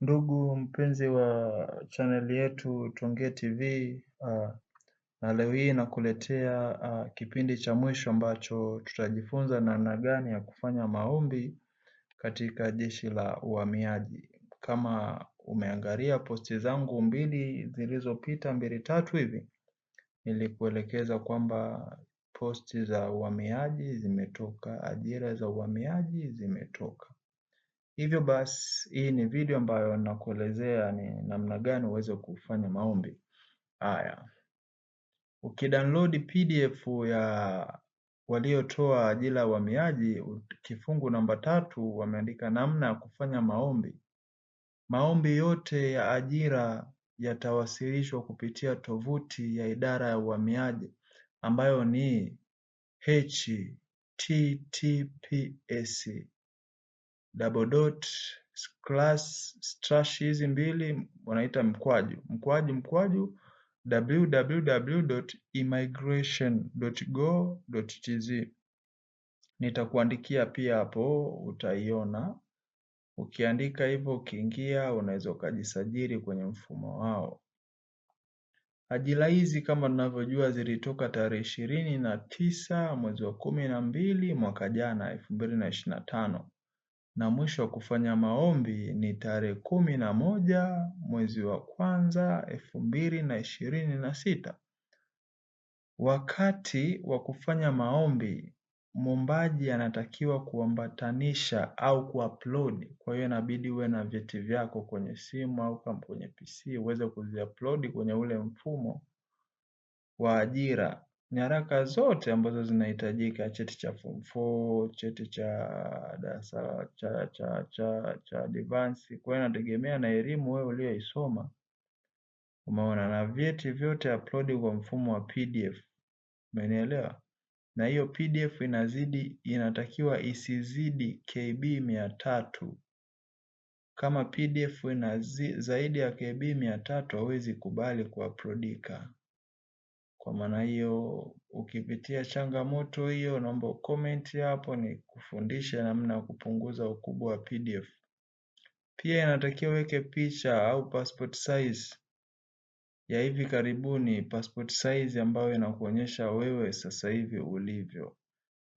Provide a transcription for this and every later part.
Ndugu mpenzi wa chaneli yetu Tuongee TV, ah, na leo hii nakuletea ah, kipindi cha mwisho ambacho tutajifunza namna gani ya kufanya maombi katika jeshi la uhamiaji. Kama umeangalia posti zangu mbili zilizopita mbili tatu hivi, nilikuelekeza kwamba posti za uhamiaji zimetoka, ajira za uhamiaji zimetoka. Hivyo basi hii ni video ambayo nakuelezea ni namna gani uweze kufanya maombi haya. Ukidownload PDF ya waliotoa ajira ya uhamiaji, kifungu namba tatu wameandika namna ya kufanya maombi. Maombi yote ya ajira yatawasilishwa kupitia tovuti ya idara ya uhamiaji ambayo ni https double dot class slash hizi mbili wanaita mkwaju mkwaju mkwaju www.immigration.go.tz nitakuandikia pia hapo utaiona ukiandika hivyo ukiingia unaweza ukajisajili kwenye mfumo wao ajira hizi kama tunavyojua zilitoka tarehe ishirini na tisa mwezi wa kumi na mbili mwaka jana elfu mbili na ishirini na tano na mwisho wa kufanya maombi ni tarehe kumi na moja mwezi wa kwanza elfu mbili na ishirini na sita. Wakati wa kufanya maombi, mwombaji anatakiwa kuambatanisha au kuupload. Kwa hiyo inabidi uwe na vyeti vyako kwenye simu au kwenye PC uweze kuziupload kwenye ule mfumo wa ajira nyaraka zote ambazo zinahitajika, cheti cha form 4, cheti cha darasa cha cha cha cha advance. Kwa hiyo inategemea na elimu wewe uliyoisoma, umeona, na vyeti vyote upload kwa mfumo wa PDF, umenielewa? Na hiyo PDF inazidi, inatakiwa isizidi KB mia tatu. Kama PDF ina zaidi ya KB mia tatu hawezi kubali kuaplodika. Kwa maana hiyo, ukipitia changamoto hiyo, naomba ucomment hapo ni kufundisha namna ya kupunguza ukubwa wa PDF. Pia inatakiwa uweke picha au passport size ya hivi karibuni, passport size ambayo inakuonyesha wewe sasa hivi ulivyo,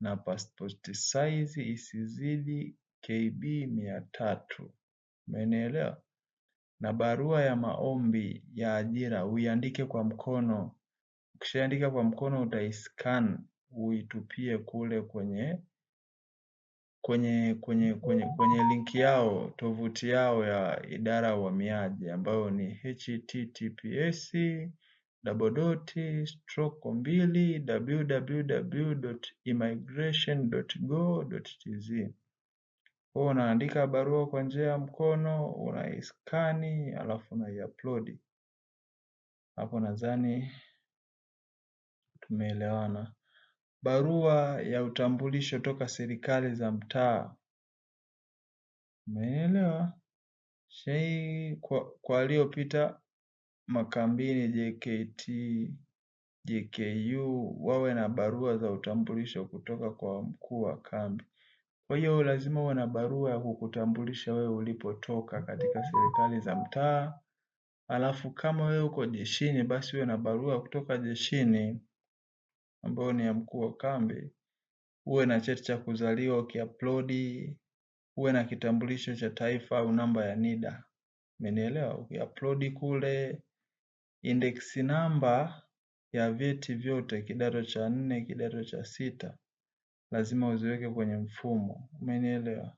na passport size isizidi KB mia tatu. Umenielewa? Na barua ya maombi ya ajira uiandike kwa mkono Ukishaandika kwa mkono utaiscan uitupie kule kwenye kwenye kwenye kwenye kwenye linki yao tovuti yao ya idara ya uhamiaji ambayo ni https dot stroko mbili e www.immigration.go.tz Huwa unaandika barua kwa njia ya mkono, unaiskani alafu unaiaplodi hapo nadhani tumeelewana. Barua ya utambulisho toka serikali za mtaa. Umeelewa? Shai kwa, kwa aliyopita makambini JKT, JKU wawe na barua za utambulisho kutoka kwa mkuu wa kambi. Kwa hiyo lazima uwe na barua ya kukutambulisha wewe ulipotoka katika serikali za mtaa. Alafu kama wewe uko jeshini, basi uwe na barua kutoka jeshini ambayo ni ya mkuu wa kambi, uwe na cheti cha kuzaliwa ukiaplodi, uwe na kitambulisho cha taifa au namba ya NIDA. Umenielewa? Ukiaplodi kule index namba ya vyeti vyote kidato cha nne, kidato cha sita lazima uziweke kwenye mfumo. Umenielewa?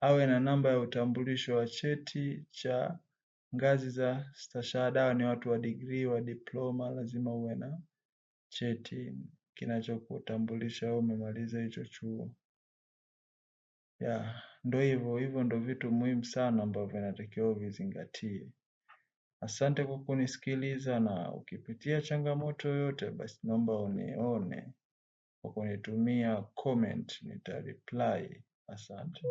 Awe na namba ya utambulisho wa cheti cha ngazi za stashahada, ni watu wa digrii, wa diploma, lazima uwe na cheti kinachokutambulisha umemaliza hicho chuo. Yeah, ndo hivyo hivyo ndo vitu muhimu sana ambavyo inatakiwa uvizingatie. Asante kwa kunisikiliza na ukipitia changamoto yoyote basi naomba unione kwa kunitumia comment nitareply. Asante.